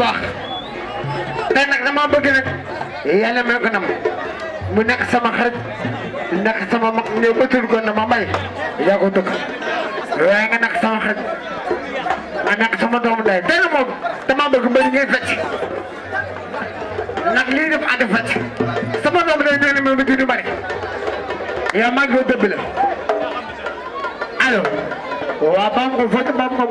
baax te nag dama bëgg nag yàlla may ko nam mu nekk sama xarit ndax sama mag ñëw bëtul ko na ma may yaa ko tukk waaye nga nekk sama xarit nga nekk sama doomu ndey te moom dama bëgg mbëri ngay fecc nag lii def ànd fecc sama doomu ndey nee na ma bëgg du bari yaa maa ngi ko dëbb la alors waa baam ko fëtt baam ko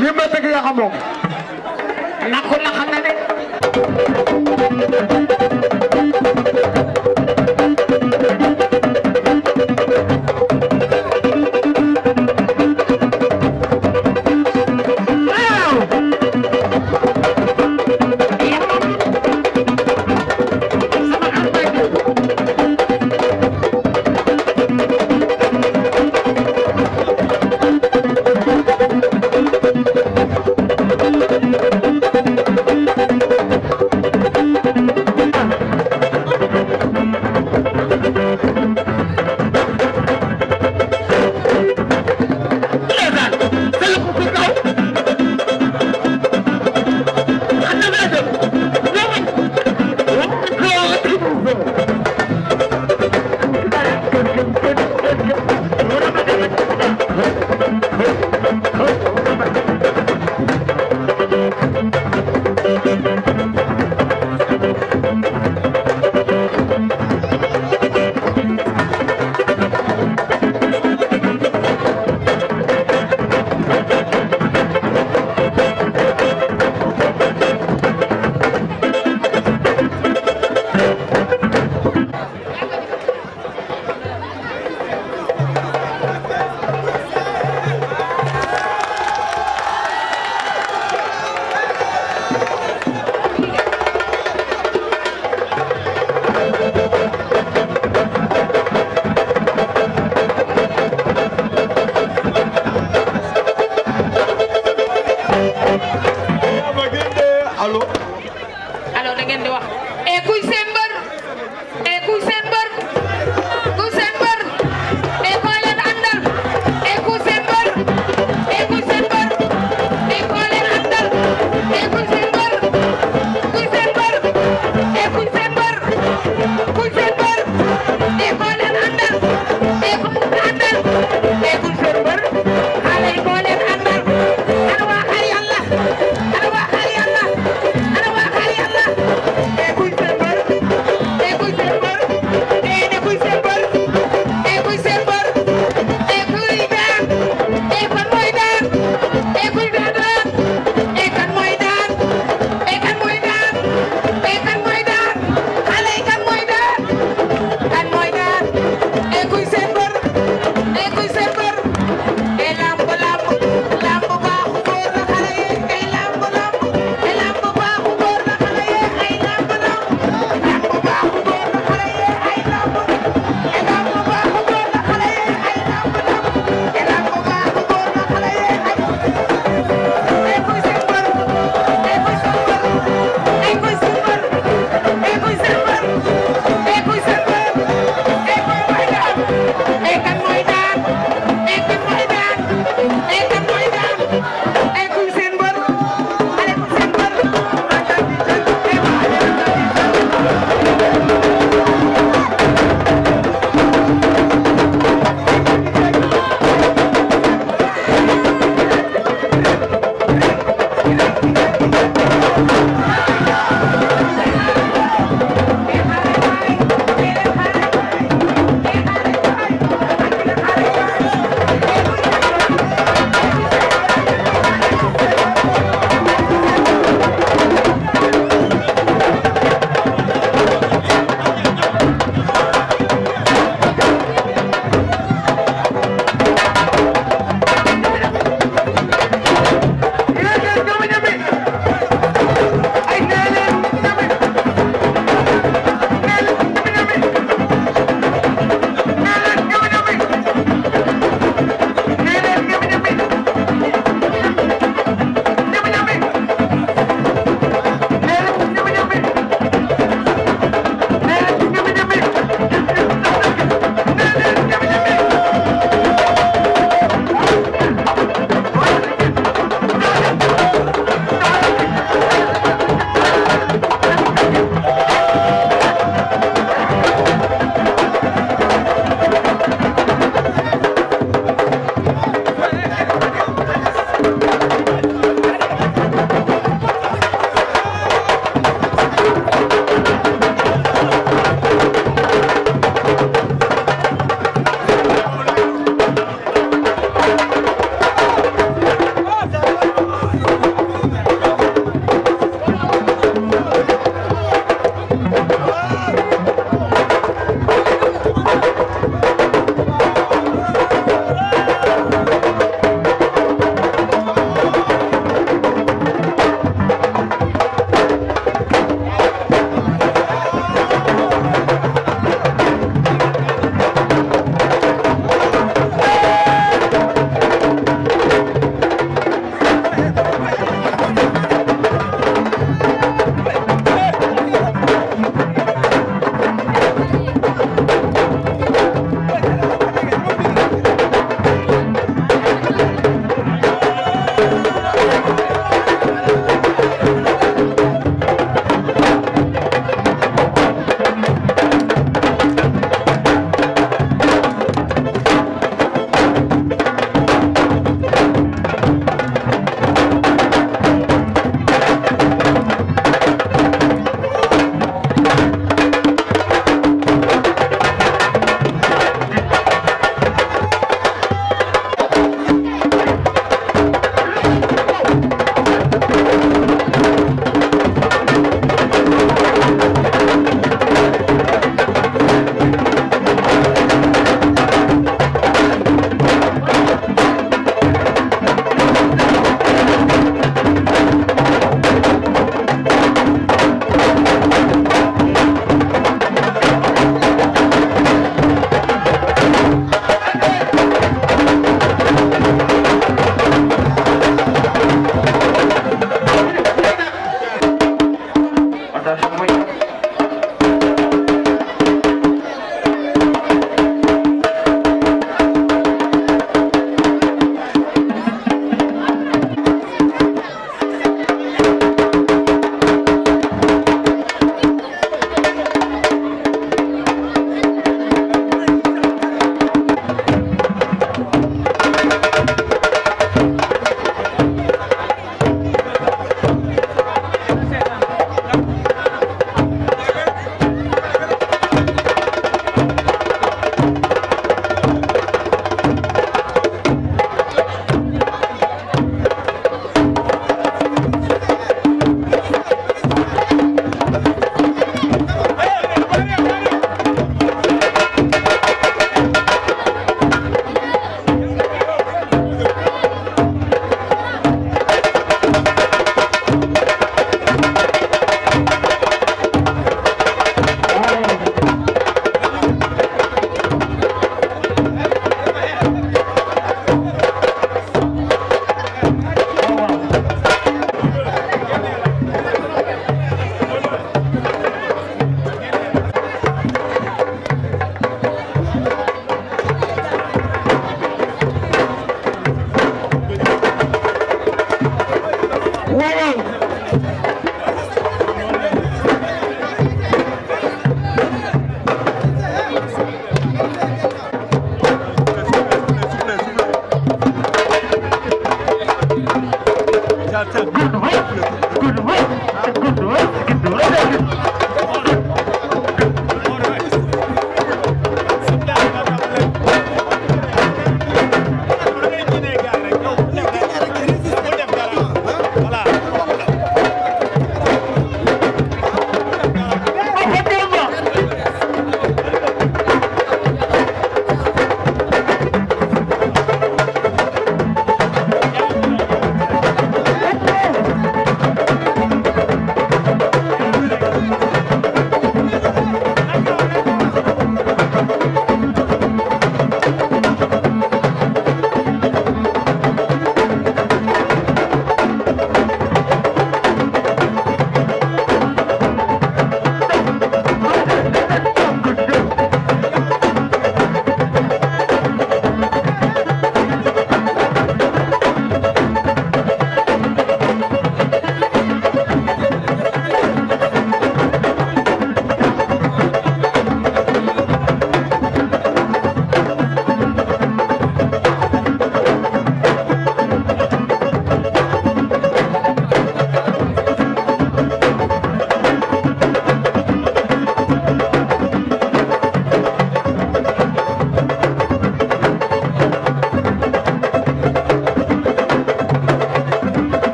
li ma bëgg yaa xam moom na ko na xam na ne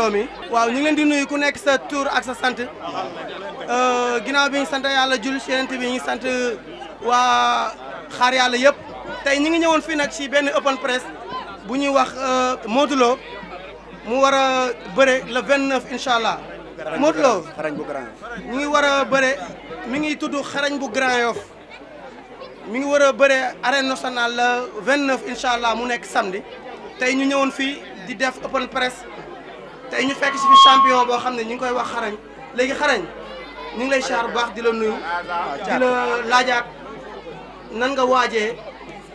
mbooloo mi waaw ñu ngi leen di nuyu ku nekk sa tur ak sa sant euh, ginnaaw bi ñu sant yàlla jul si yenent bi ñu sant waa xaar yàlla yëpp tey ñu ngi ñëwoon fii nag si benn open press bu ñuy wax euh, Modou Lo mu war a bëre le 29 incha allah Modou Lo xarañ mu ngi war a bëre mi ngi tudd xarañ bu Grand Yoff mi ngi war a bëre arène nationale le 29 incha allah mu nekk samedi tey ñu ñëwoon fii di def open press tey ñu fekk si fi champion boo xam ne ñu ngi koy wax xarañ léegi xarañ ñu ngi lay siyaar baax di la nuyu di la laajaat nan nga waajee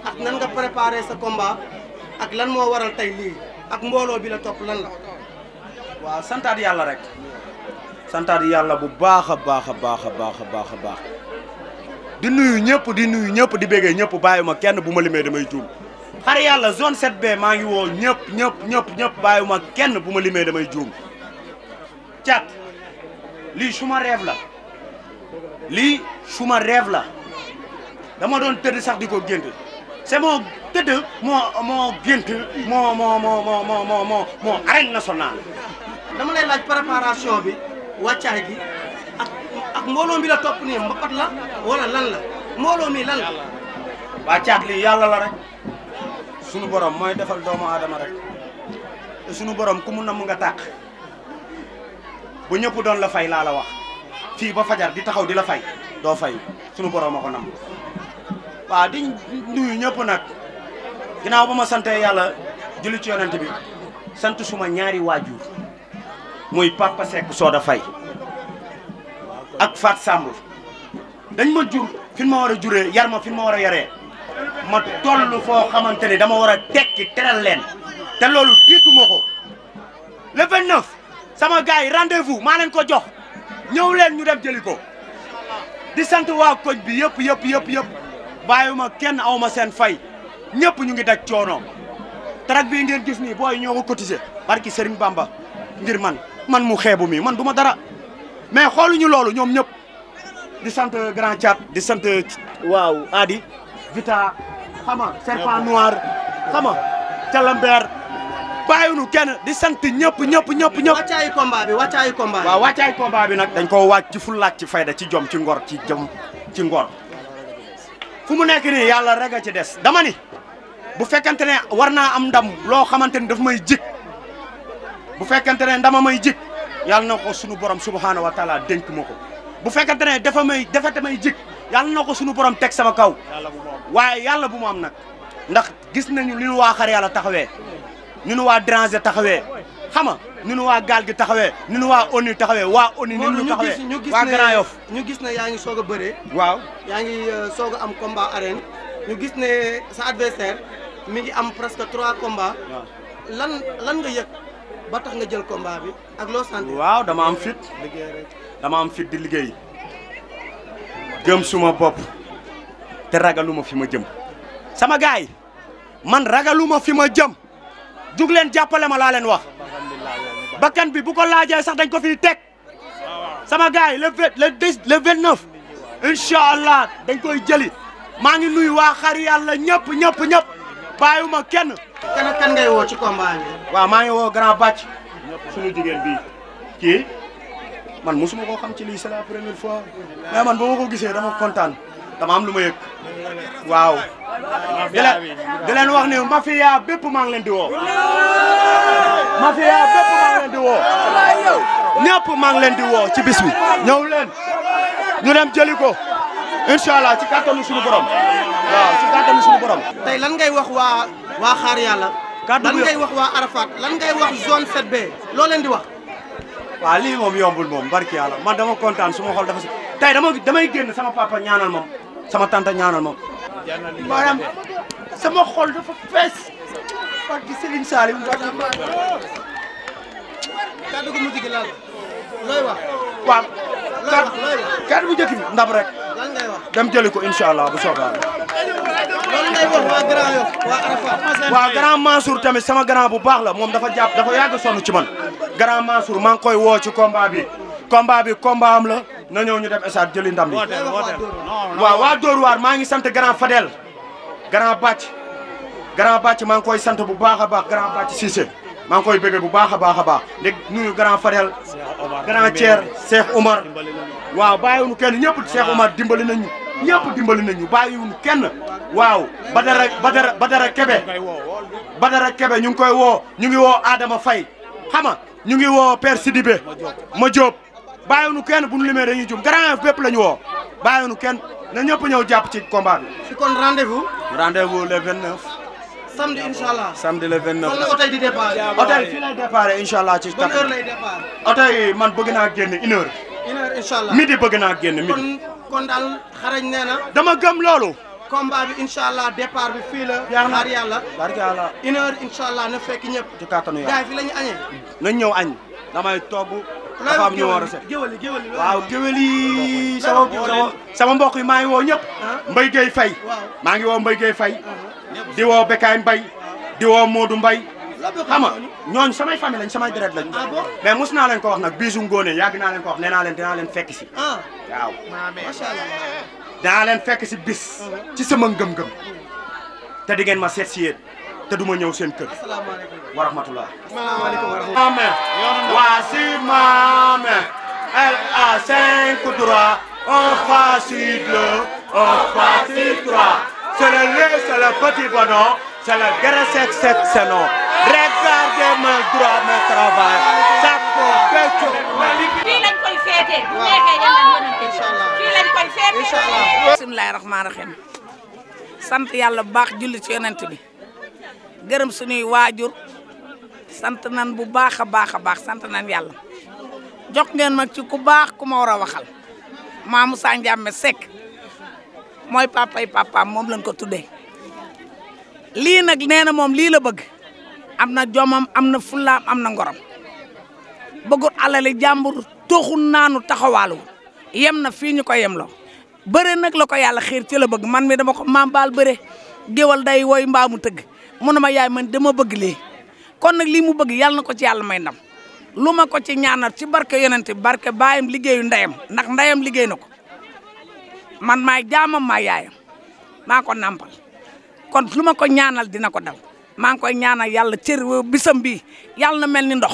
ak nan nga préparé sa combat ak lan moo waral tey lii ak mbooloo bi la topp lan la waaw santaat yàlla rek santaat yàlla bu baax a baax a baax a baax a baax a baax di nuyu ñëpp di nuyu ñëpp di béggee ñëpp bàyyi ma kenn bu ma limee damay juum xare yàlla zone set b maa ngi woo ñëpp ñëpp ñëpp ñëpp bàyyiwuma kenn bu ma limee damay juum cat lii suma rêve la lii suma rêve la dama doon tëdd sax di ko gént c'est moo tëdd moo moo gént moo moo moo moo moo moo moo moo arène nationale dama lay laaj préparation bi wàccaay gi ak mbooloom bi la topp nii mbapat la wala lan la mbooloo mi lan la wàccaat lii yàlla la rek sunu borom mooy defal doomu aadama rek te sunu borom ku mu namm nga tàq bu ñëpp doon la fay laa la wax fii ba fajar di taxaw di la fay doo fay sunu borom a ko namm di nuyu ñëpp nag ginnaaw ba ma sante yàlla julli ci yonent bi sant suma ñaari waajur muy papa Seck Soda Faye ak Fat Samb dañ ma jur fi ma war a juree yar ma fi ma war a yaree ma toll foo xamante ni dama war a tekki teral leen te loolu tiitu ma ko le 29 sama gars yi rendez-vous maa leen ko jox ñëw leen ñu dem jëli ko di sant waa koñ bi yëpp yëpp yëpp yëpp bàyyiwuma kenn awma seen fay ñëpp ñu ngi daj coono track bii ngeen gis ni booy ñoo ko cotisé barki Serigne Bamba ngir man man mu xeebu mi man du ma dara mais xooluñu loolu ñoom ñëpp di sant grand Thiat di sant waaw Adi Vita xam nga serpent noir xam nga di sant ñëpp ñëpp ñëpp ñëpp. wàccaayu combat bi wàccaayu combat bi. nag dañ koo wàcc ci fulaak ci fayda ci jom ci ngor ci jom ci ngor fu mu nekk nii yàlla rek a ci des dama ni bu fekkente ne war naa am ndam loo xamante ni daf may jik bu fekkente ne dama may jik yàlla na ko sunu borom subhaanahu wa taala dénk ma ko bu fekkente ne dafa may dafa yàlla na ko suñu borom teg sama kaw waaye yàlla bu mu am nag ndax gis ne li waa xar yàlla taxawee ni nu waa Dérangé taxawee xam nga nu waa gaal gi taxawee ni nu waa ONU taxawee waa ONU ni nu taxawee waa Grand Yoff ñu gis ne yaa ngi soog a bëree waaw yaa ngi euh, soog a am combat arène ñu gis ne sa adversaire mi ngi am presque trois combats lan lan nga yëg ba tax nga jël combat bi ak loo sant waaw dama am fit dama am fit di liggéey gëm suma bopp te ragaluma fi ma jëm sama gars yi man ragaluma fi ma jëm jug leen jàppale ma laa leen wax bakkan bi bu ko laajee sax dañ ko fi teg sama gars yi le vingt le dix le vingt allah dañ koy jëli maa ngi nuyu waa xar yàlla ñëpp ñëpp ñëpp bàyyiwuma kenn. kan ngay woo ci combat maa ngi woo ganaa bàcc suñu jigéen bii man mosuma koo xam ci lii c'est la première fois mais man boo ma ko gisee dama kontaan dama am lu ma yëg waaw. di leen di leen wax ne mafia bépp maa ngi leen di woo. mafia bépp maa ngi leen di woo. ñëpp maa ngi leen di woo ci bis bi. ñëw leen ñu dem jëli ko incha allah ci kàttanu suñu borom waaw ci kàttanu suñu borom. tey lan ngay wax waa waa xaar yàlla. lan ngay wax waa Arafat lan ngay wax zone loo leen di wax. waaw lii moom yombul moom barki yàlla man dama kontaan ma xol dafa si tey dama damay génn sama papa ñaanal moom sama tante ñaanal moom maanaam sama xol dafa fees barki Serigne Saliou Mbacké kaddu gu mujj gi kat ndam rek. dem jëli ko incha allah bu soobee lan ngay waa grand yof tamit sama grand bu baax la moom dafa jàpp dafa yàgg sonn ci man. grand Mansour maa ngi koy woo ci combat bi combat bi la na ñëw ñu dem esaat jëli ndam bi. waaw waa Dóor waar maa ngi sant ganaa Fadel. grand Bàcc. grand maa ngi koy sant bu baax a baax grand Bàcc Cissé. maa ngi koy bëgg bu baax a baax a baax léegi nuyu grand Fadel grand Thier Cheikh Omar waaw bàyyiwuñu kenn ñëpp Cheikh Omar dimbali nañu ñëpp dimbali nañu bàyyiwuñu kenn waaw Badara Badara Badara Kebe Badara Kebe ñu ngi koy woo ñu ngi woo Adama fay xama ñu ngi woo Père Sidibé ma Diop bàyyiwuñu kenn bu ñu limee dañuy jum grand bépp la ñu woo nu kenn na ñëpp ñëw jàpp ci combat bi. si kon rendez-vous. rendez-vous le 29. samedi incha allah samedi le 29. fan di départ. oto yi fii lay départ man bëgg naa génn une heure. une heure incha allah bëgg naa génn midi. kon kon nee na. dama gëm loolu. combat bi allah départ fii la. yaa ngi yàlla allah na fekk ñëpp. ci kattanu yàlla fi la ñu añee. nañ ñëw añ. damay togg. dafa am ñu waaw géwél sama sama mbokk yi maa ngi woo ñëpp. Ah. Mbaye Gueye Faye. maa ngi woo Mbaye Gueye Faye. Uh-huh. di woo Bekaay Mbay di woo Modou Mbay xam nga samay famille lañ samay deret lañ ah mais mos naa leen ko wax nag bisu ngóone yàgg naa leen ko wax nee naa leen dinaa leen fekk si ah. waaw macha allah leen fekk bis uh-huh. ci sama ngëm-ngëm te di ma seet si yéen te duma ñëw seen kër le c'est le petit bonhomme, yàlla sant yàlla bu baax julli ci yonent bi gërëm suñuy waajur sant nan bu baax a baax a baax sant nan yàlla jox ngeen mag ci ku baax ku ma war a waxal Mamoussa Ndiamé Seck mooy papay papaam moom lañ ko tuddee lii nag nee na moom lii la bëgg am na jomam am na fullaam am na ngorom bëggul alali jàmbur toxul naanu taxawaalu yem na fii ñu ko yem yemloo bëre nag la ko yàlla xiir ci la bëgg man mi dama ko mambaal bëre géwal day woy mbaamu tëgg mu ne ma yaay man dama bëgg lii kon nag lii mu bëgg yàlla na ko ci yàlla may ndam lu ma ko ci ñaanal ci barke yonente barke baayam liggéeyu ndeyam ndax ndeyam liggéey na ko man maay jaamam maa yaayam maa ko nàmpal kon lu ma ko ñaanal dina ko dal maa ngi koy ñaanal yàlla cër bisam bii yàlla na mel ni ndox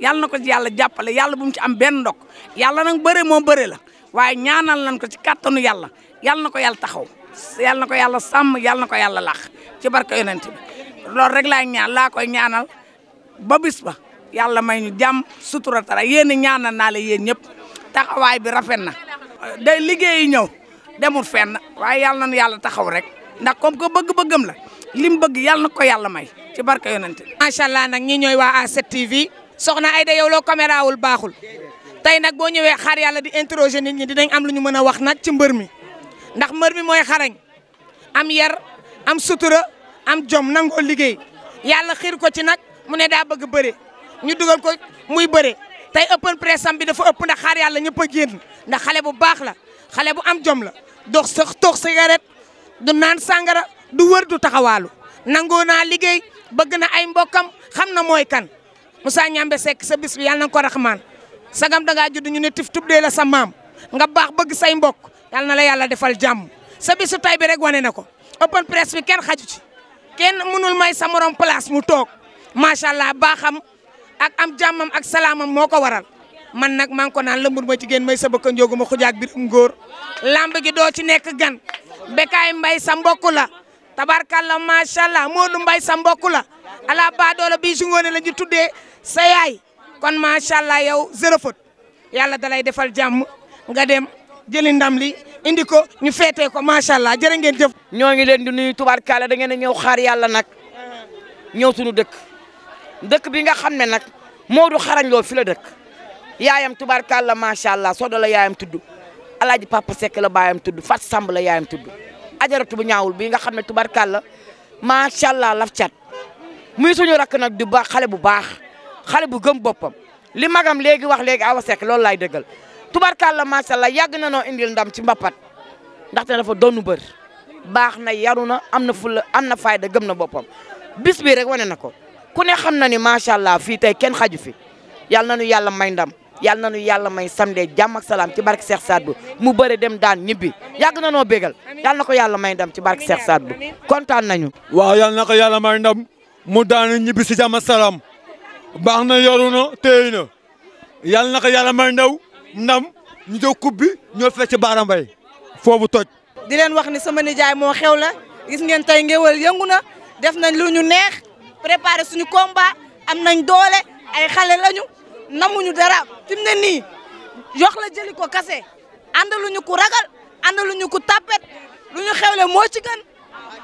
yàlla na ko ci yàlla jàppale yàlla bu mu ci am benn ndok yàlla nag bëre moo bëre la waaye ñaanal nañ ko ci kàttanu yàlla yàlla na ko yàlla taxaw yàlla na ko yàlla sàmm yàlla na ko yàlla lax ci barke yonent bi loolu rek laay ñaan laa koy ñaanal ba bis ba yàlla may ñu jàmm sutura tara yéen ñaanal naa la yéen ñëpp taxawaay bi rafet na day ñëw dem demul fenn waaye yàlla na yàlla taxaw rek ndax comme ko bëgg-bëggam la li mu bëgg yàlla ko yàlla may ci barka yonent bi. macha allah nag ñi ñooy waa A7TV soxna ay yow loo caméra wul baaxul tey nag boo ñëwee xaar yàlla di interroger nit ñi dinañ am lu ñu mën a wax nag ci mbër mi ndax mbër mi mooy xarañ am yar am sutura am jom nangoo liggéey yàlla xiir ko ci nag mu ne daa bëgg bëre ñu dugal ko muy bëre tey open press am bi dafa ëpp ndax xaar yàlla ñëpp a génn bu baax la xale bu am jom la. dox sax tox cigarette du naan sàngara du wër du taxawaalu nangoo naa liggéey bëgg na ay mbokkam xam na mooy kan Moussa Ñambe Seck sa bis bi yàlla na ko raxmaan sagam dangaa judd ñu ne tif tubdee la sa maam nga baax bëgg say mbok yàlla na la yàlla defal jàmm sa bisu tay bi rek wane na ko open presse bi kenn xaju ci kenn mënul may sa morom place mu toog macha allah baaxam ak am jàmmam ak salaamam moo ko waral man nag maa ngi ko naan lëmbur ci génn may sa bëkk njóogu ma xujaak biram um góor lamb gi doo ci nekk gan Bécaye mbay sa mbokk la tabarkalla macha allah Modou mbay sa mbokk la ala ba doole bii si ngoone la ñu tuddee sa yaay kon macha allah yow zéro faute yàlla dalay defal jàmm nga dem jëli ndam li indi ko ñu feete ko macha allah jërë ngeen jëf. ñoo ngi leen di nuyu tubarkalla da ngeen a ñëw xaar yàlla nag uh-huh. ñëw suñu dëkk dëkk bi nga xam ne nag Modou xarañ loo fi la dëkk. yaayam tubaarkàlla macha allah Sodo la yaayam tudd alaaji Papa Seck la baayam tudd Fat Samb la yaayam tudd ajaratu bu ñaawul bii nga xam ne tubaarkàlla macha allah laf cat muy suñu rakk nag du baax xale bu baax xale bu gëm boppam li magam léegi wax léegi Awa Seck loolu laay dëggal tubaarkàlla macha allah yàgg na noo indil ndam ci mbapat ndaxte dafa doonu bër baax na yaru na am na fulla am na fay da gëm na boppam bis bii rek wane na ko ku ne xam na ni macha allah fii tey kenn xaju fi yàlla na nu yàlla may ndam. yàlla na nu yàlla may samedi jàmm salaam ci barke Cheikh Saad mu bëre dem daan ñibbi yàgg na noo bégal yàlla na ko yàlla may ndam ci barke Cheikh Saad Bou kontaan nañu. waaw yàlla na ko yàlla may ndam mu daan ñibbi si jàmm salaam baax na yoru na na yàlla na ko yàlla may ndaw ndam ñu jóg coupe ñoo fekk ci Baara Mbaye foofu toj. di leen wax ni sama nijaay moo xew la gis ngeen tey ngéwal yëngu na def nañ lu neex préparé suñu combat am nañ doole ay xale lañu. namuñu dara fi mu ne nii yox la jëli ko kase àndaluñu ku ragal àndaluñu ku tapet lu ñu xewle moo ci gën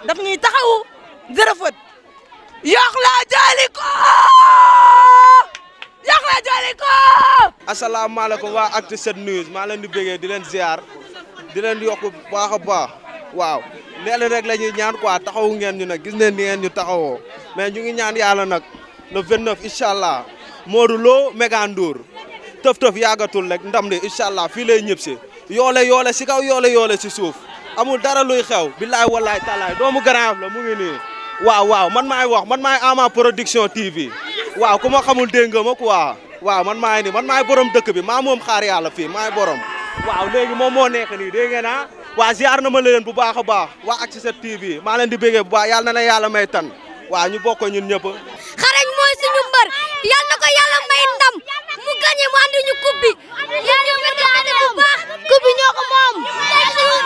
daf ñuy taxawu jërëfët yox la jëli ko yox la jëli ko asalaamaaleykum waa Actu 7 News maa leen di bégee di leen ziar di yokk baax a baax waaw leen la ñuy ñaan quoi taxawu ngeen ñu nag gis neen ni ngeen ñu taxawoo mais ñu ngi ñaan yàlla nag le 29 incha allah Modou Lo Mega Ndour tëf tëf yàggatul rek ndam li incha allah fii lay ñëpp si yoole yoole si kaw yoole yoole si suuf amul dara luy xew billaay wallaay talaay doomu Grand Yoff la mu ngi nii waaw waaw man maay wax man maay Ama Production TV waaw ku ma xamul dégg nga ma quoi waaw man maay ni man maay borom dëkk bi maa moom xaar yàlla fii maay borom waaw léegi moom moo nekk nii dégg ngeen ah waa ziar na ma leen bu baax a baax waa Access TV maa leen di béggee bu yàlla na la yàlla may tan waaw ñu bokk ñun ñëpp. xarañ mooy suñu mbër yal na ko yàlla may ndam mu gagné mu andi ñu coupe yal na ñu gagné bu baax coupe bi ñoo ko moom. tey suñu.